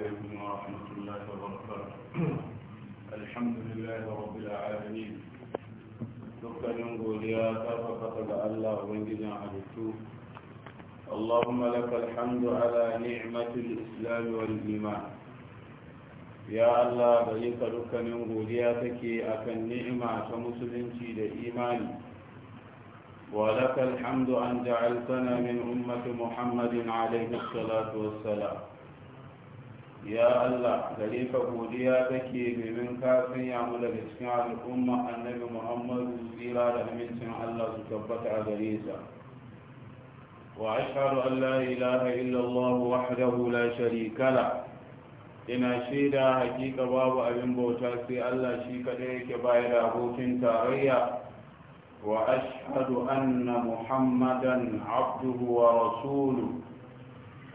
عليكم ورحمة الله وبركاته الحمد لله رب العالمين dukkanin godiya ta fafata ga Allah Ubangijin halittu Allahumma lakal hamdu ala ni'matil islam wal ya Allah gare ka dukkanin godiya take akan ni'ima ta musulunci da imani wa lakal hamdu an ja'altana min ummati Muhammadin ya Allah gare ka godiya take domin ka sanya mu daga cikin al'umma annabi Muhammadu tsira da amincin Allah su tabbata a gare sa wa ashhadu an la ilaha illa Allah wahdahu la sharika la ina shaida hakika babu abin bauta sai Allah shi kadai yake bayar da abokin tarayya wa ashhadu anna Muhammadan abduhu wa rasuluhu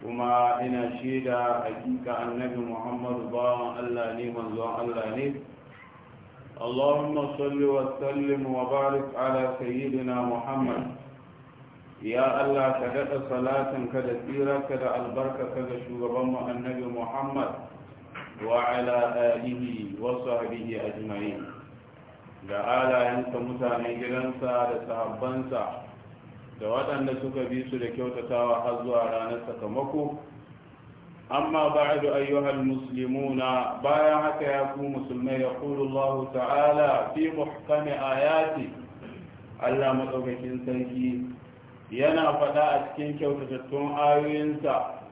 kuma ina shaida hakika annabi muhammadu ba allah ne manzo allah ne allahumma salli wa sallim wa barik sayyidina muhammad ya allah ka daɗa salatin ka da tsira da albarka ka ga shugaban mu annabi muhammad wa ala alihi wa sahbihi ajma'in da alayen mutane, gidansa da sahabbansa da waɗanda suka bi su da kyautatawa har zuwa ranar sakamako amma ba'du ayyuhal muslimuna bayan haka ya ku musulmai ya kulu Allah ta'ala fi muhkami ayati Allah madaukakin sarki yana faɗa a cikin kyautatattun ayoyinsa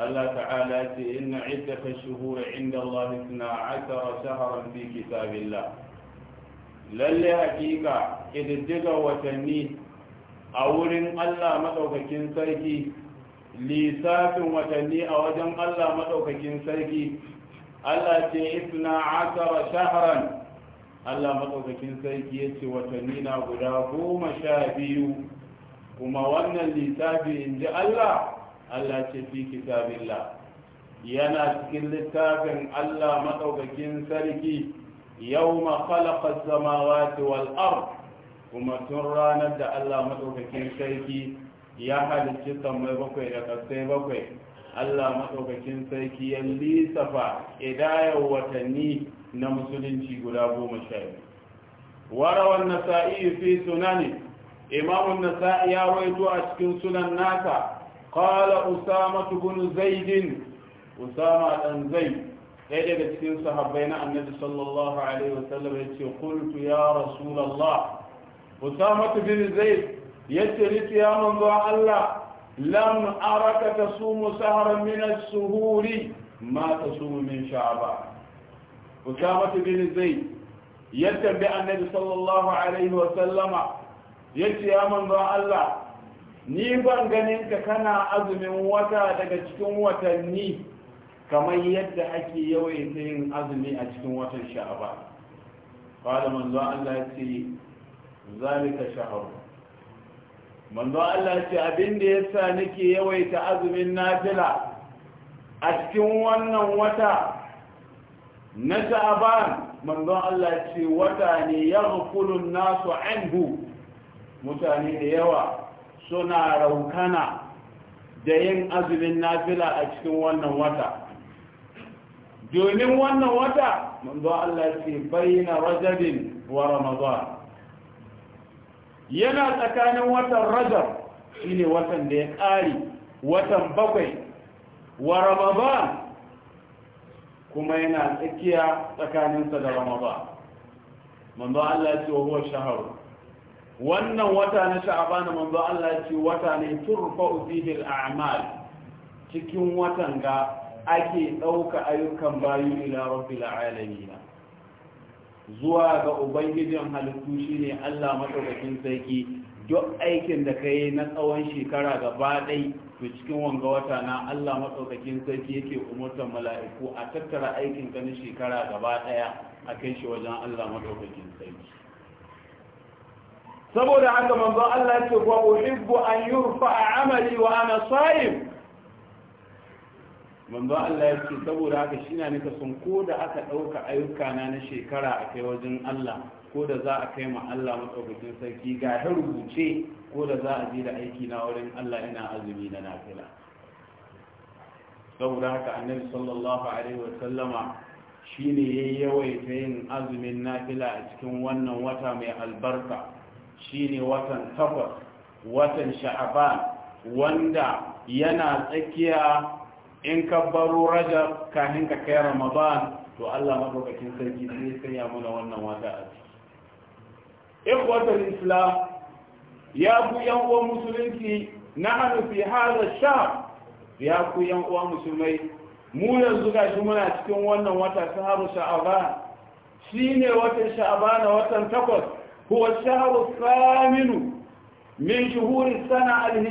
Allah ta'ala ce inna iddata shuhur inda Allah 12 shahran fi kitabillah lalle hakika kididdiga watanni a wurin Allah maɗaukakin sarki lissafin watanni a wajen Allah maɗaukakin sarki Allah ce isna asara shaharan Allah maɗaukakin sarki ya ce watanni na guda goma sha biyu kuma wannan lissafi in ji Allah Allah ce fi kitabillah yana cikin littafin Allah maɗaukakin sarki yau ma khalaqa samawati wal ard kuma tun ranar da Allah maɗaukakin sarki ya halicci sammai bakwai da ƙasai bakwai Allah maɗaukakin sarki ya lissafa idayar watanni na musulunci guda goma sha biyu warawan nasa'i fi sunani imamun nasa'i ya waito a cikin sunan nasa kala usama ibn Zaidin, usama dan zai ɗaya daga cikin sahabbai na annabi sallallahu alaihi wasallam ya ce Kultu ya Rasulallah, usama bin zaid yace ni ya manzo Allah lam araka tasumu sahran min as-suhuri ma tasumu min sha'aba. usama bin zaid yadda bi annabi sallallahu alaihi wa sallama yace ya manzo Allah ni ban ganin ka kana azumin wata daga cikin watanni kamar yadda ake yawaita yin azumi a cikin watan sha'aba qala manzo Allah ya ce. zalika shahru manzo Allah ce abin da yasa nake yawaita azumin nafila a cikin wannan wata na sha'ban manzo Allah ce wata ne yaghfulu nasu anhu mutane da yawa suna raukana da yin azumin nafila a cikin wannan wata domin wannan wata manzo Allah ce bayyana rajabin wa ramadan yana tsakanin watan rajab shine watan da ya ƙari watan bakwai wa ramadan kuma yana tsakiya tsakaninsa da ramadan manzo Allah ya ce wa huwa shaharu wannan wata na sha'ban manzo Allah ya ce wata ne turfa fihi al-a'mal cikin watan ga ake ɗauka ayyukan bayu ila rabbil alamin zuwa ga ubangijin halittu shine Allah madaukakin sarki duk aikin da kai na tsawon shekara gaba ɗai to cikin wanga wata na Allah madaukakin sarki yake umurtar mala'iku a tattara aikin ka na shekara gaba ɗaya a kai shi wajen Allah madaukakin sarki saboda haka manzo Allah ya ce wa uhibbu an yurfa amali wa ana sa'im manzo Allah ya ce saboda haka shi na nika sun ko da aka ɗauka ayyuka na na shekara a kai wajen Allah ko da za a kai ma Allah matsaukakin sarki ga ta rubuce ko da za a je da aiki na wurin Allah ina azumi na nafila saboda haka annabi sallallahu alaihi wa sallama shine yayi yawaita yin azumin nafila a cikin wannan wata mai albarka shine watan takwas watan sha'aban wanda yana tsakiya in ka baro raja kafin ka kai ramadan to Allah madaukakin sarki sai sanya mana wannan wata a ikhwatul islam ya ku yan uwan musulunci nahnu fi hada shahr ya ku yan uwan musulmai mu yanzu ga gashi muna cikin wannan wata shahru shi shine watan na watan takwas huwa shahru thaminu min shuhuri sana al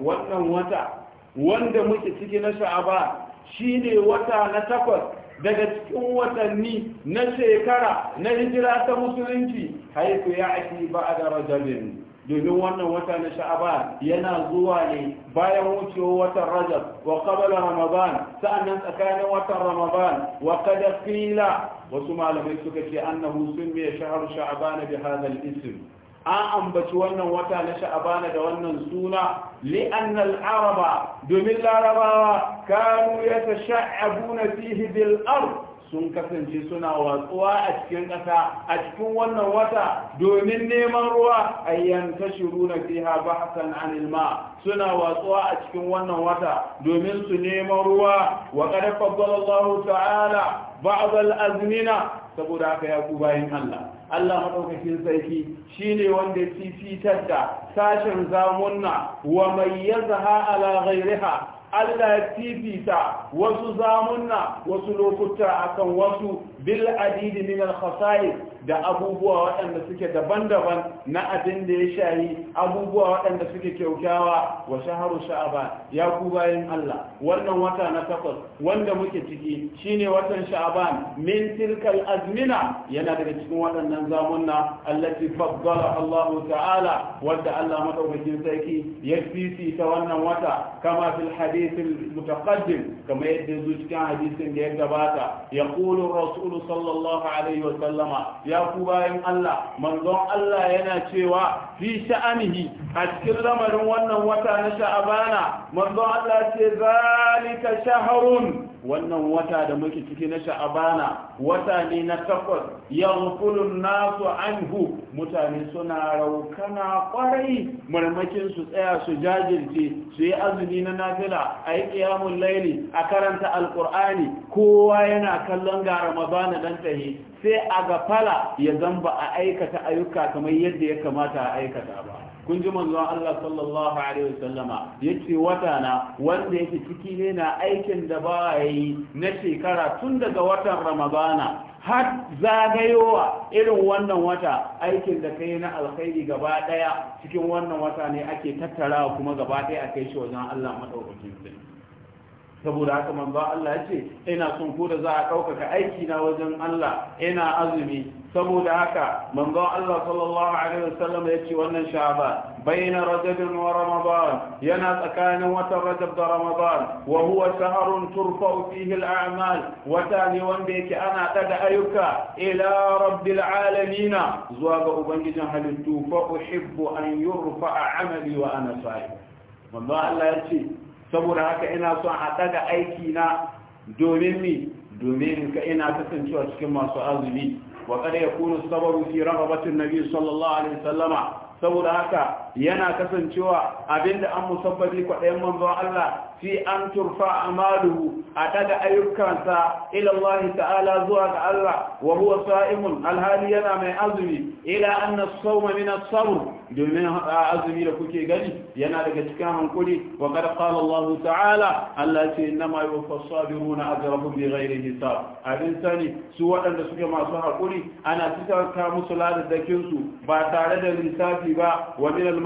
wannan wata wanda muke ciki na sha'aba shine wata na takwas daga cikin watanni na shekara na hijira ta musulunci haifu ya ake ba a da rajalin domin wannan wata na sha'aba yana zuwa ne bayan wucewa watan rajab wa qabala ramadan sa'annan tsakanin watan ramadan wa kada fila. wasu malamai suka ce annahu summiya shahar sha'aba na hadha isim. an ambaci wannan wata na sha'abana da wannan suna li'annal araba domin larabawa kanu ya ta na fihi bil sun kasance suna watsuwa a cikin ƙasa a cikin wannan wata domin neman ruwa ayyan shiru na fiha bahsan anil ma suna watsuwa a cikin wannan wata domin su neman ruwa wa qad ta'ala ba'd al azmina saboda haka ya ku bayin Allah Allah maɗaukakin sarki shi ne wanda ya fifitar da sashen zamunna wa mai ya zaha ala ghairiha Allah ya fifita wasu zamunna wasu lokuta akan wasu bil adidi min al-khasa'is da abubuwa waɗanda suke daban-daban na abin da ya shayi abubuwa waɗanda suke kyaukyawa wa shaharu sha'aban ya ku bayan Allah wannan wata na takwas wanda muke ciki shine watan sha'aban min tilkal azmina yana daga cikin waɗannan zamunna allati faddala Allah ta'ala wanda Allah madaukakin sarki ya fifi ta wannan wata kama fil hadith al mutaqaddim kama yadda zuwa cikin hadisin da ya gabata yaqulu rasul rasulu sallallahu alaihi wa sallama ya ku bayan Allah manzon Allah yana cewa fi sha'anihi a cikin lamarin wannan wata na sha'abana manzon Allah ce zalika shahrun wannan wata da muke ciki na sha'abana wata ne na takwas yankulun nasu anhu mutane suna raukana kwarai marmakin su tsaya su jajirce su yi azumi na nafila a yi ƙiyamun laili a karanta alƙur'ani kowa yana kallon ga ramadana dan tahi sai a gafala ya zamba a aikata ayyuka kamar yadda ya kamata a aikata ba kun ji manzo Allah sallallahu alaihi wasallama yace wata na wanda yake ciki ne na aikin da ba yi na shekara tun daga watan Ramadana har zagayowa irin wannan wata aikin da kai na alkhairi gaba daya cikin wannan wata ne ake tattara kuma gaba daya a kai shi wajen Allah madaukakin sarki saboda haka manzo Allah ya ce ina son ko da za a ɗaukaka aiki na wajen Allah ina azumi saboda haka manzon Allah sallallahu alaihi wasallam ya ce wannan sha'ban bayna rajab wa ramadan yana tsakanin wata rajab da ramadan wa huwa shahrun turfa'u fihi al-a'mal wata ne wanda yake ana daga ayyuka ila rabbil alamin zuwa ga ubangijin halittu fa uhibbu an yurfa'a amali wa ana sa'im manzon Allah ya ce saboda haka ina son a daga aiki na domin ni, domin ka ina kasancewa cikin masu azumi wa kada yakunu sabaru fi raghabatin nabi sallallahu alaihi wasallama saboda haka yana kasancewa abinda an musabbabi kwaɗayen manzon Allah fi an turfa amaluhu a daga ayyukansa ila Allah ta'ala zuwa ga Allah wa huwa sa'imun alhali yana mai azumi ila anna as-sawma min as-sabr domin azumi da kuke gani yana daga cikin hankuri wa qad Allah ta'ala Allah ce inna ma yuwaffas sabiruna ajrahum bighairi hisab abin sani su waɗanda suke masu hakuri ana tsaka musu ladadakin su ba tare da lissafi ba wa min al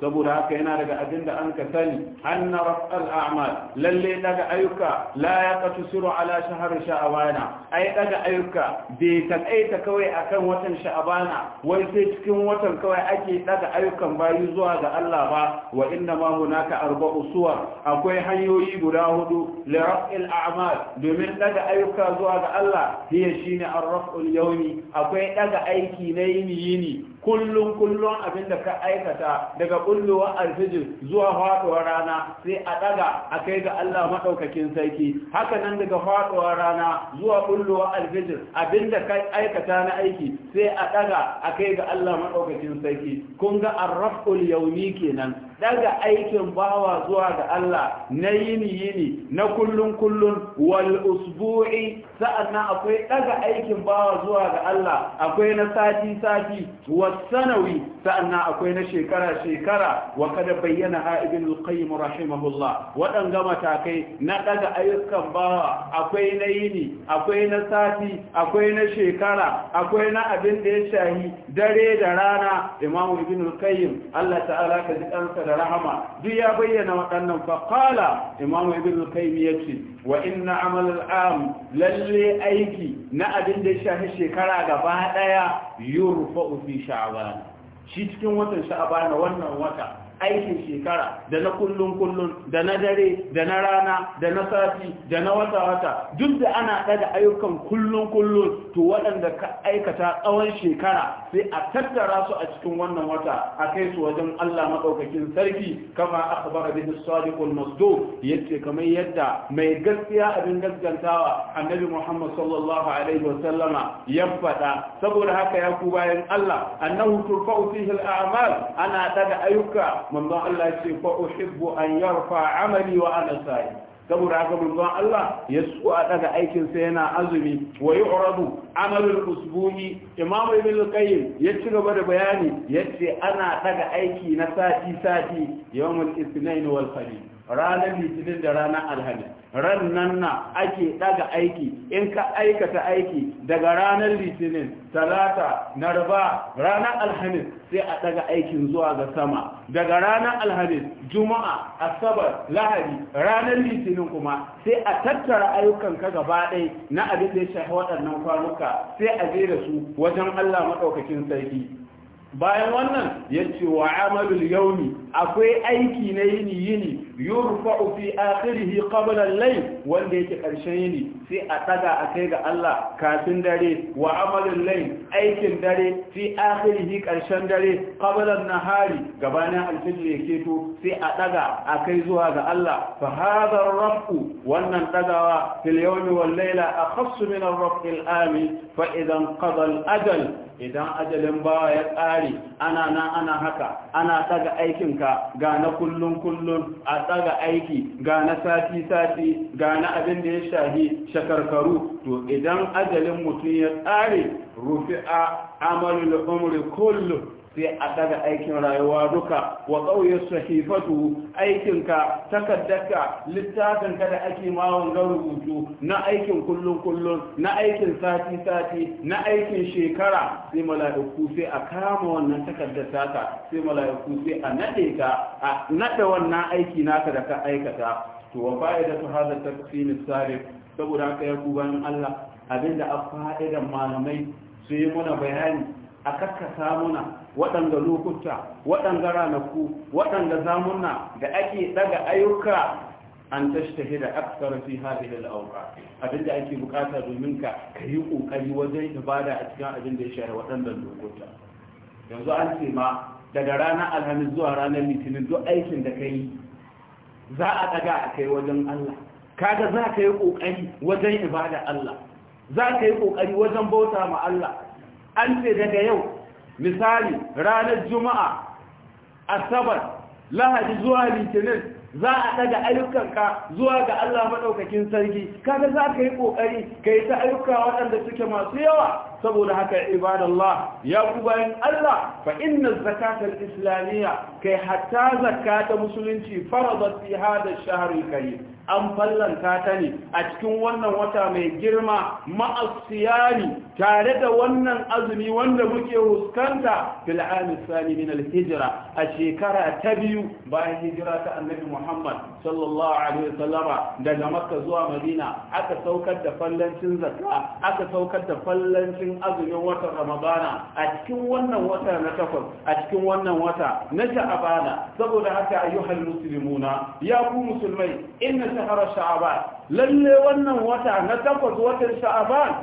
saboda haka yana daga abin da an ka sani anna raf'al a'mal lalle daga ayyuka la yaqtasiru ala shahr sha'abana ai daga ayyuka bai takaita kawai akan watan sha'abana wai sai cikin watan kawai ake daga ayyukan bayi zuwa ga Allah ba wa inna ma hunaka arba'u suwa akwai hanyoyi guda hudu li raf'il a'mal domin daga ayyuka zuwa ga Allah hiya shine ar-raf'ul yawmi akwai daga aiki na yini yini kullum kullum abin da ka aikata daga kulluwar alfijir zuwa faduwar rana sai a ɗaga a kai ga Allah maɗaukakin sarki haka nan daga faduwar rana zuwa kulluwar alfijir abin da ka aikata na aiki sai a ɗaga a kai ga Allah maɗaukakin sarki kun ga arraful yaumi kenan daga aikin bawa zuwa ga Allah na yini yini na kullun kullun wal usbu'i sa'annan akwai daga aikin bawa zuwa ga Allah akwai na sati sati wa sanawi sa'annan akwai na shekara shekara wa kada bayyana ha ibn al-qayyim rahimahullah waɗanga matakai na daga ayyukan bawa akwai na yini akwai na sati akwai na shekara akwai na abin da ya shahi dare da rana imamu ibn al-qayyim Allah ta'ala ka ji kansa da rahama duk ya bayyana waɗannan faƙala imamu ibn al-qayyim yace wa inna amal al-am lalle aiki na abin da ya shafi shekara gaba daya yurfa fi sha'ban shi cikin watan sha'ban wannan wata aikin shekara da na kullum kullun da na dare da na rana da na sati da na wata wata duk da ana ɗaga ayyukan kullum kullun to waɗanda ka aikata tsawon shekara sai a tattara su a cikin wannan wata a kai su wajen Allah maɗaukakin sarki kama akhbara bihi sadiqul masduq yace kamar yadda mai gaskiya abin gaskantawa annabi Muhammad sallallahu alaihi wa sallama ya faɗa saboda haka ya ku bayan Allah annahu turfa'u fihi al-a'mal ana ɗaga ayyuka manzon Allah ya ce fa uhibbu an yarfa amali wa ana sa'im saboda haka manzon Allah ya so a daga aikin sa yana azumi wa yu'radu amalul usbuhi imamu ibn al-qayyim ya ci gaba da bayani yace ana daga aiki na sati sati yawmul ithnain wal khamis ranar litinin da ranar alhamis rannan na ake daga aiki in ka aikata aiki daga ranar litinin talata narba ranar alhamis sai a daga aikin zuwa ga sama daga ranar alhamis juma'a asabar lahadi ranar litinin kuma sai a tattara ayyukan ka gaba ɗai na abin da ya shafi waɗannan kwanuka sai a je da su wajen allah maɗaukakin sarki bayan wannan ya ce wa amalul yauni akwai aiki na yini yini yurfa'u fi akhirih qabla al-layl wanda yake karshen yini sai a daga a kai ga Allah kafin dare wa amalul layl aikin dare fi akhirih karshen dare qabla an-nahari gabanin al-fajr yake to sai a daga a kai zuwa ga Allah fa hadha ar-rafu wannan dagawa fil yawmi wal layla akhass min ar-rafi al-ami fa idan qada al-ajal idan ajalin bawa ya tsare ana nan ana haka ana daga aikinka ga na kullun kullun a ɗaga aiki ga na sati-sati ga na abin da ya shahi shakarkaru to idan ajalin mutum ya tsare rufi amalin da umri kullum. sai a daga aikin rayuwa duka wa ƙauye sahifatu aikinka takaddarka littafinka da ake mawon ga rubutu na aikin kullun kullun na aikin sati sati na aikin shekara sai mala'iku sai a kama wannan takaddar taka sai mala'iku sai a nade ta a nade wannan aiki naka da ka aikata to wa fa'idatu su taqsim as-sarif saboda haka ya Allah abinda a fa'idan malamai su yi muna bayani a kakkasa muna waɗanda lokuta waɗanda ranaku waɗanda zamunna da ake ɗaga ayyuka an tashtahi da aksar fi hadhihi al Abin da ake bukata domin ka yi ƙoƙari wajen ibada a cikin abin da ya shahara waɗanda lokuta yanzu an ce ma daga ranar alhamis zuwa ranar litinin duk aikin da kai za a ɗaga a kai wajen Allah kaga za ka yi ƙoƙari wajen ibada Allah za ka yi ƙoƙari wajen bauta ma Allah an ce daga yau misali ranar juma'a asabar lahadi zuwa litinin za a daga ayyukanka zuwa ga Allah maɗaukakin sarki kada za ka yi ƙoƙari ka yi ta ayyuka waɗanda suke masu yawa saboda haka ibadallah ya ku bayan Allah fa inna zakatal islamiyya kai hatta zakata musulunci fara fi hada shahri kai an fallanta ta ne a cikin wannan wata mai girma ma'asiyani tare da wannan azumi wanda muke huskanta fil aami sani min al hijra a shekara ta biyu bayan hijira ta annabi Muhammad sallallahu alaihi wasallama daga makka zuwa madina aka saukar da fallancin zakka aka saukar da fallancin azumin watan ramadana a cikin wannan wata na takwas a cikin wannan wata na sha'abana saboda haka ayyuhal muslimuna ya ku musulmai inna shahara sha'aban lalle wannan wata na takwas watan sha'aban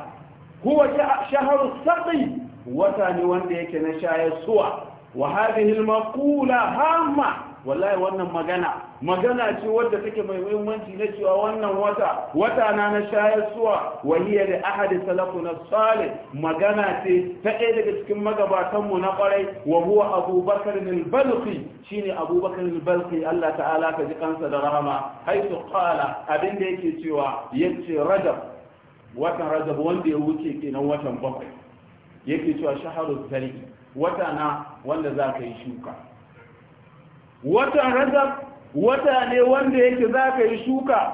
huwa shaharu saqi wata ne wanda yake na shayar suwa wa hadhihi al-maqula hamma wallahi wannan magana magana ce wadda take mai muhimmanci na cewa wannan wata wata na na shayar suwa waliya da ahadi salafu na salih magana ce ta ɗaya daga cikin magabatan mu na kwarai wa huwa abubakar bin balqi shine abubakar bin balqi Allah ta'ala ka ji kansa da rahama haitu qala abin da yake cewa yace rajab watan rajab wanda ya wuce kenan watan bakwai yake cewa shaharu zari wata na wanda za ka yi shuka watan rajab wata ne wanda yake za ka yi shuka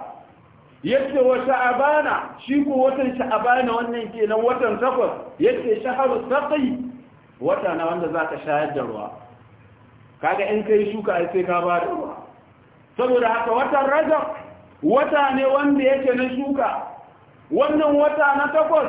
yadda wa sha'abana shi ko watan sha'abana wannan kenan watan takwas yadda shaharu saqi wata na wanda za ka shayar da ruwa kaga in kai shuka ai sai ka ba da ruwa saboda haka watan rajab wata ne wanda yake na shuka wannan wata na takwas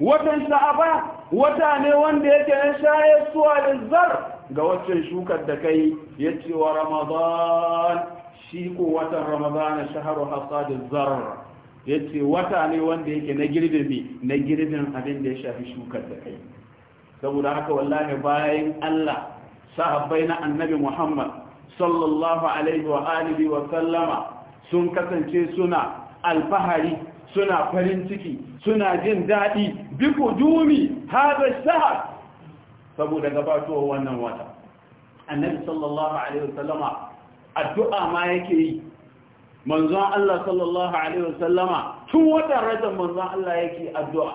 watan sha'aba wata ne wanda yake na shayar suwa da zar ga waccan shukar da kai ya ce wa ramadan shi ko watan ramadana shaharu hasadin zarar ya ce wata ne wanda yake na girbe mi na girbin abin da ya shafi shukar da kai saboda haka wallahi bayan allah sahabbai na annabi muhammad sallallahu alaihi wa alihi wa sallama sun kasance suna alfahari suna farin ciki suna jin daɗi biku dumi haɗa shahar saboda gabatowar wannan wata annabi sallallahu alaihi wasallama addu'a ma yake yi manzon Allah sallallahu alaihi wasallama tun watan rajab manzon Allah yake addu'a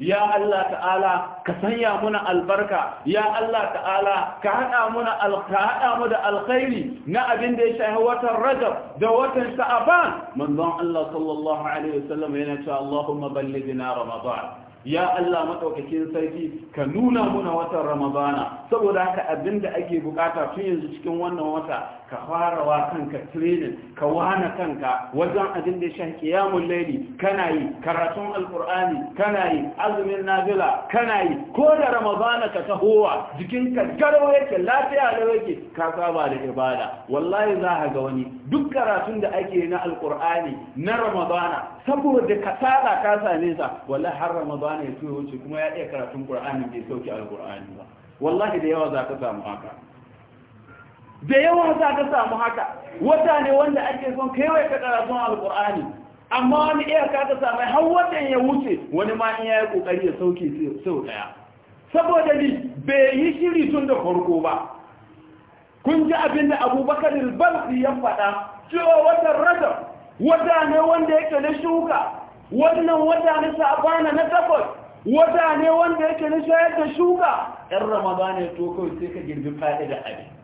ya Allah ta'ala ka sanya muna albarka ya Allah ta'ala ka hada muna alka mu da alkhairi na abin da ya shafi watan Rajab da watan Sha'ban manzon Allah sallallahu alaihi wasallam yana cewa Allahumma ballighna Ramadan ya Allah maɗaukakin sarki ka nuna muna watan ramadana saboda haka abin da ake bukata tun yanzu cikin wannan wata ka fara wa kanka training ka wahana kanka wajen abin da shan kiyamun laili kana yi karatun alkur'ani kana yi azumin nabila kana yi ko da ramadana ka tahowa jikinka garo yake lafiya da yake ka saba da ibada wallahi za ka ga wani duk karatun da ake na alkur'ani na ramadana saboda kasala ka same sa wallahi har ramadana ya tuyo wuce kuma ya iya karatun qur'ani bai sauke alkur'ani ba wallahi da yawa za ka samu haka da yawa za ka samu haka wata ne wanda ake son kewaye ka karatun alkur'ani amma wani iya ka ta samu har watan ya wuce wani ma in yayi kokari ya sauke sau daya saboda ni bai yi shiri tun da farko ba kun ji abin da abubakar balsi ya faɗa cewa watan rajab wata ne wanda yake na shuka wannan wata na sabana na takwas wata ne wanda yake na shayar da shuka yan ramadana ya to kawai sai ka girbi fa'ida abin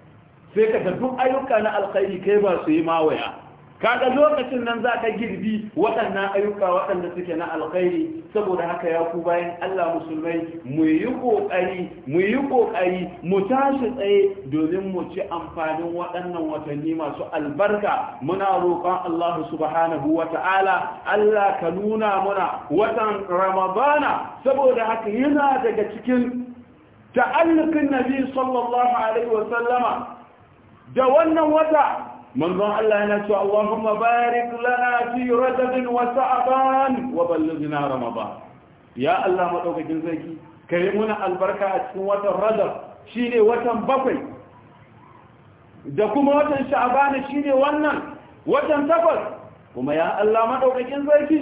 sai ka duk ayyuka na alkhairi kai ba su yi mawaya kaga lokacin nan za ka girbi waɗannan ayyuka waɗanda suke na alkhairi saboda haka ya ku bayan Allah musulmai mu yi ƙoƙari mu yi ƙoƙari mu tashi tsaye domin mu ci amfanin waɗannan watanni masu albarka muna roƙon Allah subhanahu wa ta'ala Allah ka nuna muna watan Ramadana saboda haka yana daga cikin ta'allukin Nabi sallallahu alaihi wa sallama da wannan wata manzon Allah yana cewa Allahumma barik lana fi rajabin wa sa'ban wa ballighna ramadan ya Allah madaukakin sarki kai muna albarka a cikin watan rajab shine watan bakwai da kuma watan sha'ban shine wannan watan takwas kuma ya Allah madaukakin sarki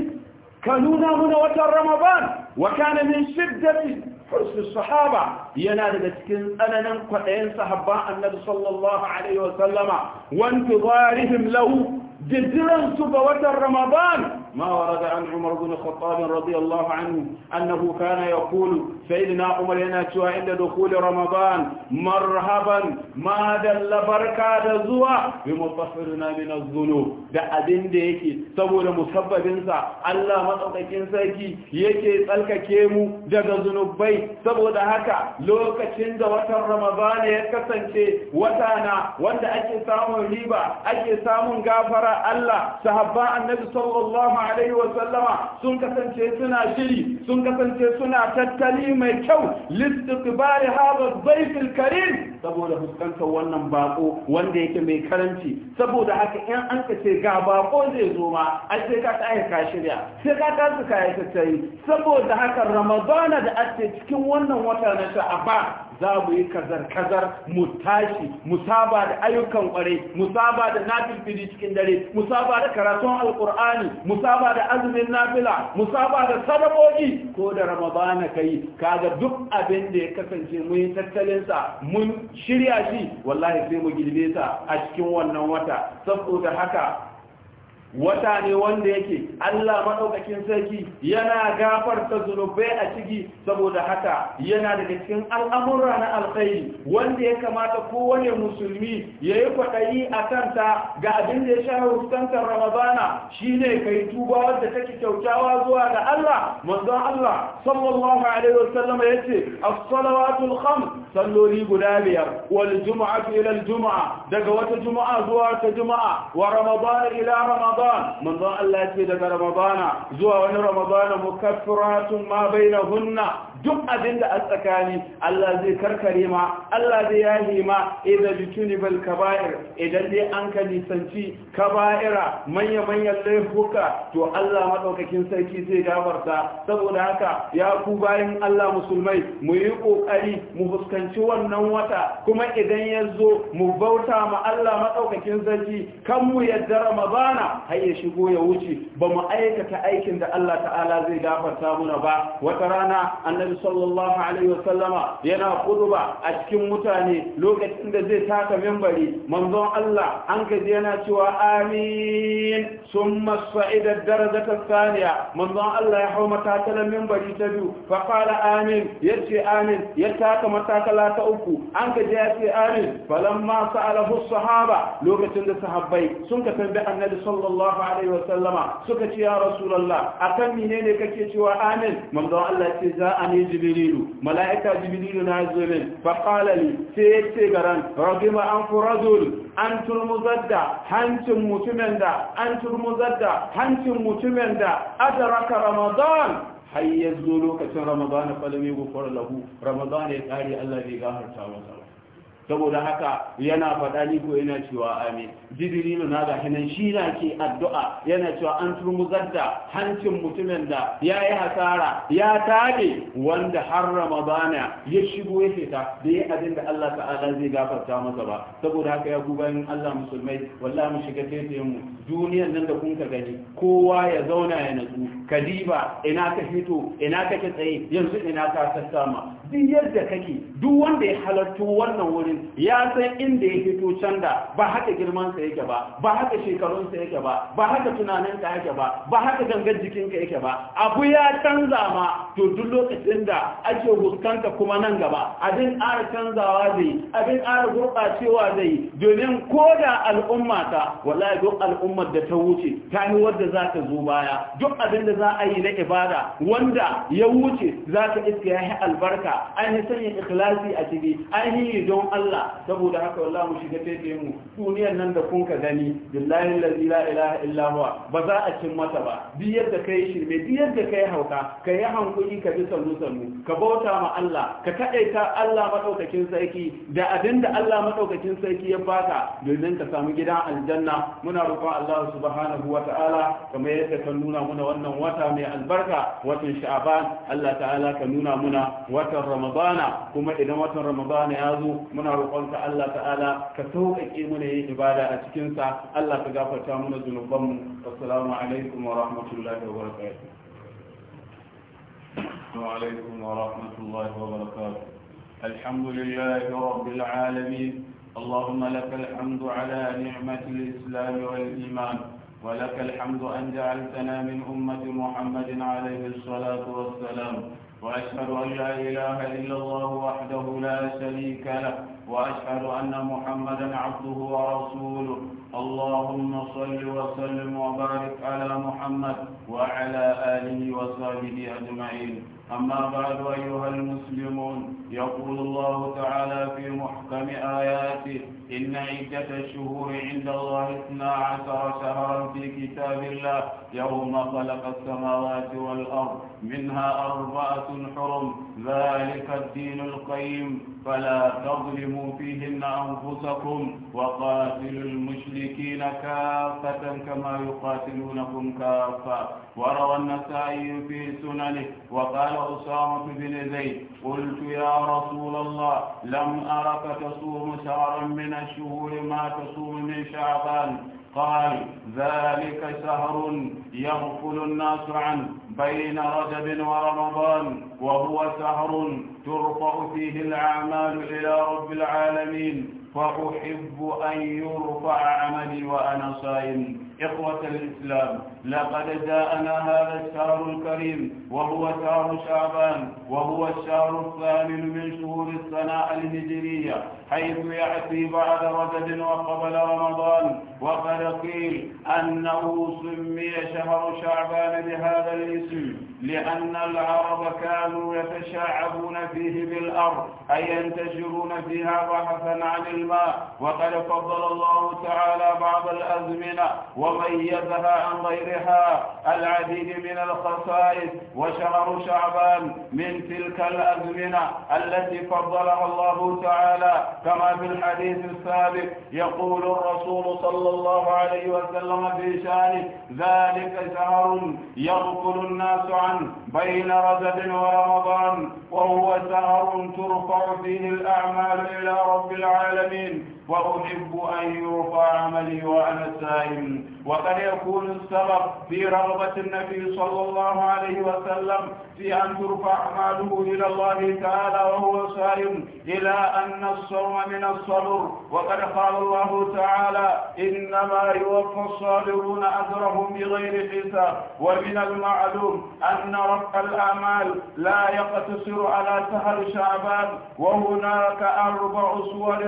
ka nuna muna watan ramadan wa kana min shiddati hursu sahaba yana daga cikin tsananin kwaɗayen sahabban annabi sallallahu alaihi wasallama wanti zarihim lahu jidiransu ga watan ramadan ما ورد عن عمر بن الخطاب رضي الله عنه أنه كان يقول سيدنا عمر يناتوا عند دخول رمضان مرحبا ما دل بركة زوا بمطهرنا من الذنوب da abin da yake saboda musabbabinsa Allah matsaukakin sarki yake tsalkake mu daga zunubai saboda haka lokacin da watan Ramadana ya kasance wata na wanda ake samun riba ake samun gafara Allah sahabba annabi sallallahu alaihi Sallama sun kasance suna shiri sun kasance suna tattali mai kyau listiqbali hadha dhayfil karin saboda fuskantar wannan bako wanda yake mai karanci saboda haka in an ka ce ga bako zai zo ma ai sai ka ta aika shirya sai ka ta su yi tattali saboda haka ramadana da ake cikin wannan wata na sha'aba za mu yi kazar-kazar mu tashi mu saba da ayyukan kwarai mu saba da nafilfili cikin dare mu saba da karatun alkur'ani mu saba da azumin nafila mu saba da sadakoki ko da ramadana kai kaga duk abin da ya kasance mun yi tattalin sa mun shirya shi wallahi sai mu gilbe sa a cikin wannan wata saboda haka wata ne wanda yake Allah maɗaukakin sarki yana gafarta zunubai a ciki saboda haka yana daga cikin al'amura na alkhairi wanda ya kamata kowane musulmi ya yi kwaɗayi a kanta ga abin da ya sha fuskantar ramadana shi ne ka yi tuba wadda take kyautawa zuwa ga Allah manzon Allah sallallahu alaihi wasallam ya ce as-salawatul khams salloli guda biyar wal jumu'atu ila al daga wata jumu'a zuwa ta jumu'a wa ramadana ila ramadana ramadan manzon Allah ya ce daga ramadana zuwa wani ramadana mukaffiratun ma bainahunna duk abin da a tsakani Allah zai karkare ma Allah zai yahi ma idan jituni bal kaba'ir idan dai an ka nisanci kaba'ira manya manyan laifuka to Allah madaukakin sarki zai gafarta saboda haka ya ku bayan Allah musulmai mu yi kokari mu fuskanci wannan wata kuma idan ya zo mu bauta ma Allah madaukakin sarki kan mu yadda Ramadana har ya shigo ya wuce ba mu aikata aikin da Allah ta'ala zai gafarta muna ba wata rana annabi annabi sallallahu alaihi sallama yana kuduba a cikin mutane lokacin da zai taka membari manzon Allah an gaji yana cewa amin summa sa'ida darajata thaniya manzon Allah ya hau matakalar mimbari ta biyu fa qala amin yace amin ya taka matakala ta uku an gaji ya ce amin falamma sa'alahu sahaba lokacin da sahabbai sun ka tambayi annabi sallallahu alaihi wasallama suka ce ya rasulullah akan menene kake cewa amin manzon Allah ce za a ne ni malaika jibrilu na zo min fa qala ce garan ragima an furadul an turmuzadda hancin mutumin da an turmuzadda hancin mutumin da adraka ramadan har ya zo lokacin ramadan falami gufar lahu ramadan ya kare Allah bai gafarta masa saboda haka yana faɗa ni ko yana cewa amin jibrilu na ga hinan shi na ke addu'a yana cewa an turmuzar da hancin mutumin da ya yi hasara ya tabe wanda har ramadana ya shigo ya fita da ya abin da Allah ta'ala zai gafarta masa ba saboda haka ya guba yin Allah musulmai wallahi mu shiga taitayen mu duniyar nan da kun ka gani kowa ya zauna ya natsu kadiba ina ka fito ina kake tsaye yanzu ina ka sassama duk yadda kake duk wanda ya halarta wannan wurin ya san inda ya fito can da ba haka girmansa yake ba ba haka shekarunsa yake ba ba haka tunaninka yake ba ba haka gangar jikinka yake ba abu ya canza ma to duk lokacin da ake huskanta kuma nan gaba abin ƙara canzawa zai abin ƙara gurɓacewa zai domin ko da al'umma ta wallahi duk al'ummar da ta wuce ta yi wadda za ta zo baya duk abin da za a yi na ibada wanda ya wuce za ta iska ya albarka an yi sanya ikhlasi a ciki an yi don Allah Allah saboda haka wallahi mu shiga tete mu duniyar nan da kun ka gani billahi allazi la ilaha illa huwa ba za a cin mata ba duk yadda kai shirme duk yadda kai hauka kai yi hankuri ka bi sallu sallu ka bauta ma Allah ka kadaita Allah maɗaukakin sarki da abinda Allah maɗaukakin sarki ya baka domin ka samu gidan aljanna muna roƙon Allah subhanahu wa ta'ala kamar yadda ka nuna muna wannan wata mai albarka watan sha'aban Allah ta'ala ka nuna muna watan ramadana kuma idan watan ramadana ya zo muna muna roƙonka Allah ta'ala ka sauƙaƙe mana yin ibada a cikin sa Allah ka gafarta mana zunubanmu assalamu alaikum wa rahmatullahi wa barakatuh wa alaikum wa rahmatullahi wa barakatuh alhamdulillahi rabbil alamin اللهم لك الحمد على نعمة الإسلام والإيمان ولك الحمد أن جعلتنا من أمة محمد عليه الصلاة والسلام وأشهد أن لا إله إلا الله وحده لا شريك له وأشهد أن محمدا عبده ورسوله اللهم صل وسلم وبارك على محمد وعلى آله وصحبه أجمعين أما بعد أيها المسلمون يقول الله تعالى في محكم آياته إن عدة الشهور عند الله اثنا عشر شهرا في كتاب الله يوم خلق السماوات والأرض منها أربعة حرم ذلك الدين القيم فلا تظلموا فيهن أنفسكم وقاتلوا المشركين كافة كما يقاتلونكم كافة وروى النسائي في سننه وقال أسامة بن زيد قلت يا رسول الله لم أرك تصوم شهرا من الشهور ما تصوم من شعبان قال ذلك شهر يغفل الناس عنه بين رجب ورمضان وهو شهر ترفع فيه الأعمال إلى رب العالمين فأحب أن يرفع عملي وأنا صائم إخوة الإسلام لقد جاءنا هذا الشهر الكريم وهو شهر شعبان وهو الشهر الثامن من شهور السنة الهجرية حيث يأتي بعد رجب وقبل رمضان وقد قيل أنه سمي شهر شعبان بهذا الاسم لأن العرب كانوا يتشعبون فيه بالأرض أي ينتشرون فيها بحثا عن الماء وقد فضل الله تعالى بعض الأزمنة وميزها عن غيرها العديد من الخصائص وشهر شعبان من تلك الأزمنة التي فضلها الله تعالى كما في الحديث السابق يقول الرسول صلى الله عليه وسلم في شانه ذلك شهر يغفل الناس عنه بين رجب ورمضان وهو شهر ترفع فيه الأعمال إلى رب العالمين وأحب أن يرفع عملي وأنا سائم وقد يكون السبب في رغبة النبي صلى الله عليه وسلم في أن ترفع أعماله إلى الله تعالى وهو سائم إلى أن الصوم من الصبر وقد قال الله تعالى إنما يوفى الصابرون أجرهم بغير حساب ومن المعلوم أن رفع الأعمال لا يقتصر على شهر شعبان وهناك أربع صور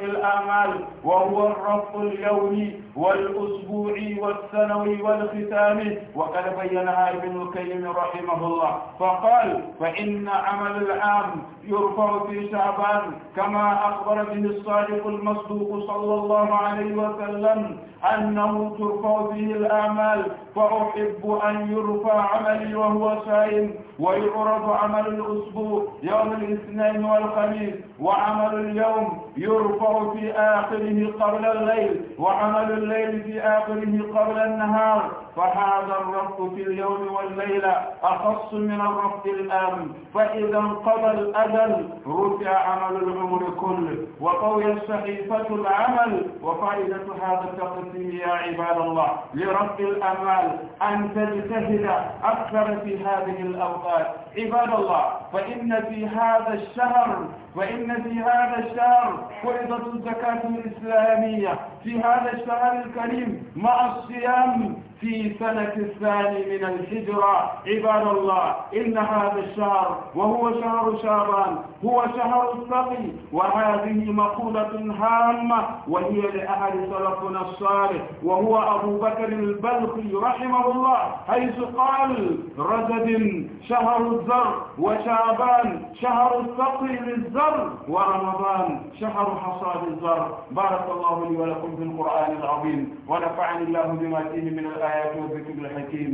الأعمال العمل وهو الرب اليومي والأسبوعي والسنوي والختامي وقد بينها ابن القيم رحمه الله فقال فإن عمل العام يرفع في شعبان كما أخبر به الصادق المصدوق صلى الله عليه وسلم أنه ترفع فيه الأعمال فأحب أن يرفع عملي وهو سائم ويعرض عمل الأسبوع يوم الاثنين والخميس وعمل اليوم يرفع في آخره قبل الليل وعمل الليل في آخره قبل النهار فهذا الرفق في اليوم والليلة أخص من الرفق الآن فإذا انقضى الأجل رفع عمل العمر كله وقوي صحيفة العمل وفائدة هذا التقسيم يا عباد الله لرفق الأمال أن تجتهد أكثر في هذه الأوقات عباد الله فإن في هذا الشهر وإن في هذا الشهر فرضت الزكاة الإسلامية في هذا الشهر الكريم مع الصيام في سنة الثاني من الهجرة عباد الله إن هذا الشهر وهو شهر شعبان هو شهر السقي وهذه مقولة هامة وهي لأحد سلفنا الصالح وهو أبو بكر البلخي رحمه الله حيث قال رجب شهر الزر وشعبان شهر السقي للزر ورمضان شهر حصاد الزر بارك الله لي ولكم في القرآن العظيم ونفعني الله بما فيه من الآيات آياته بكل حكيم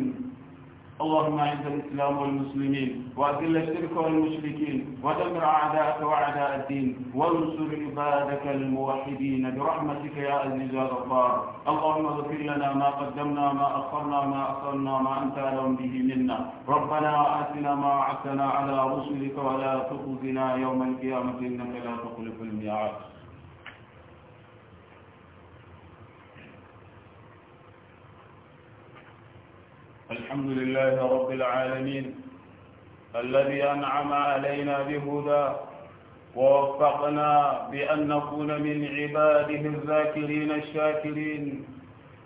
اللهم اعز الإسلام والمسلمين وأذل الشرك والمشركين ودمر أعداءك وأعداء الدين وانصر عبادك الموحدين برحمتك يا عزيز يا غفار اللهم اغفر لنا ما قدمنا ما أخرنا ما أخرنا ما أنت أعلم به منا ربنا آتنا ما وعدتنا على رسلك ولا تخزنا يوم القيامة إنك لا تخلف الميعاد الحمد لله رب العالمين الذي أنعم علينا بهدى ووفقنا بأن نكون من عباده الذاكرين الشاكرين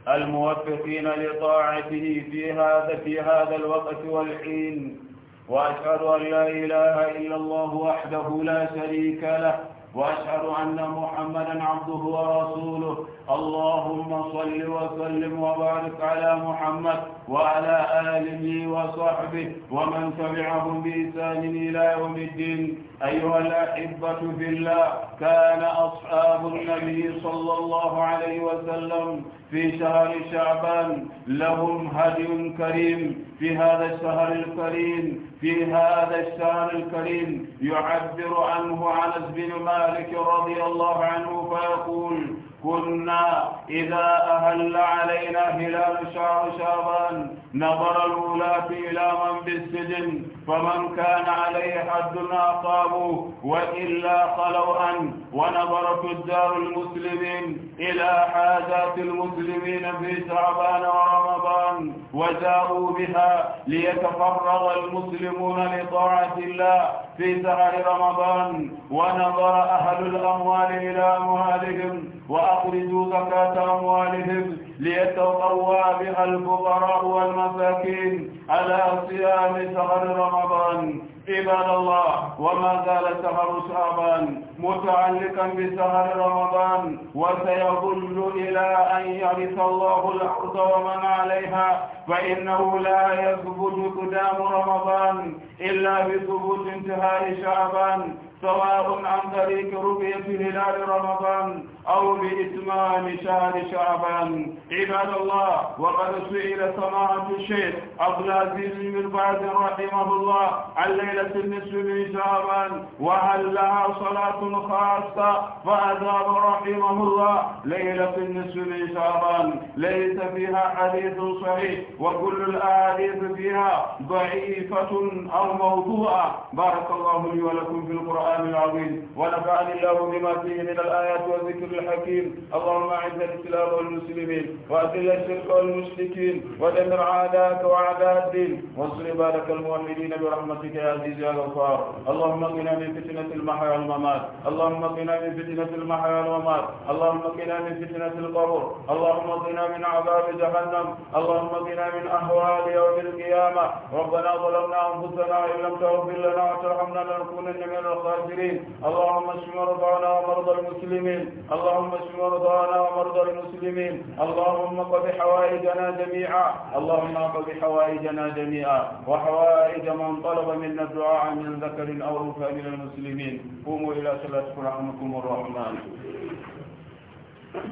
الموفقين لطاعته في هذا في هذا الوقت والحين وأشهد أن لا إله إلا الله وحده لا شريك له وأشهد أن محمدا عبده ورسوله اللهم صل وسلم وبارك على محمد وعلى آله وصحبه ومن تبعهم بإسان إلى يوم الدين أيها الأحبة في الله كان أصحاب النبي صلى الله عليه وسلم في شهر شعبان لهم هدي كريم في هذا الشهر الكريم في هذا الشهر الكريم يعبر عنه عن بن مالك رضي الله عنه فيقول كنا إذا أهل علينا هلال شهر شعبان نظر الولاة إلى من بالسجن فمن كان عليه حد أقاموا وإلا خلوا عنه ونظر تجار المسلمين إلى حاجات المسلمين في شعبان ورمضان وجاءوا بها ليتفرغ المسلمون لطاعة الله في سهر رمضان ونظر أهل الأموال إلى أموالهم وأخرجوا زكاة أموالهم ليتقوى بها الفقراء والمساكين على صيام سهر رمضان عباد الله وما زال سهر شعبان متعلقا بسهر رمضان وسيظل إلى أن يرث الله الأرض ومن عليها فإنه لا يثبت قدام رمضان إلا بثبوت انتهاء شعبان سواء عن طريق رؤية هلال رمضان أو بإتمام شهر شعبان عباد الله وقد سئل سماحة الشيخ عبد العزيز بن باز رحمه الله عن ليلة النصف من شعبان وهل لها صلاة خاصة فأجاب رحمه الله ليلة النصف من شعبان ليس فيها حديث صحيح وكل الأحاديث فيها ضعيفة أو موضوعة بارك الله لي ولكم في القرآن القرآن العظيم ونفعني الله بما فيه من الآيات والذكر الحكيم اللهم أعز الإسلام والمسلمين وأذل الشرك والمشركين ودمر أعداءك وأعداء الدين وانصر عبادك المؤمنين برحمتك يا عزيز يا غفار اللهم قنا من فتنة المحيا والممات اللهم قنا من فتنة المحيا والممات اللهم قنا من فتنة القبر اللهم قنا من عذاب جهنم اللهم قنا من أهوال يوم القيامة ربنا ظلمنا أنفسنا إن لم تغفر لنا وترحمنا لنكونن من الخاسرين الكافرين اللهم اشف مرضانا ومرضى المسلمين اللهم اشف مرضانا ومرضى المسلمين اللهم اقض حوائجنا جميعا اللهم اقض حوائجنا جميعا وحوائج من طلب منا الدعاء من ذكر او انثى من المسلمين قوموا الى صلاتكم رحمكم الرحمن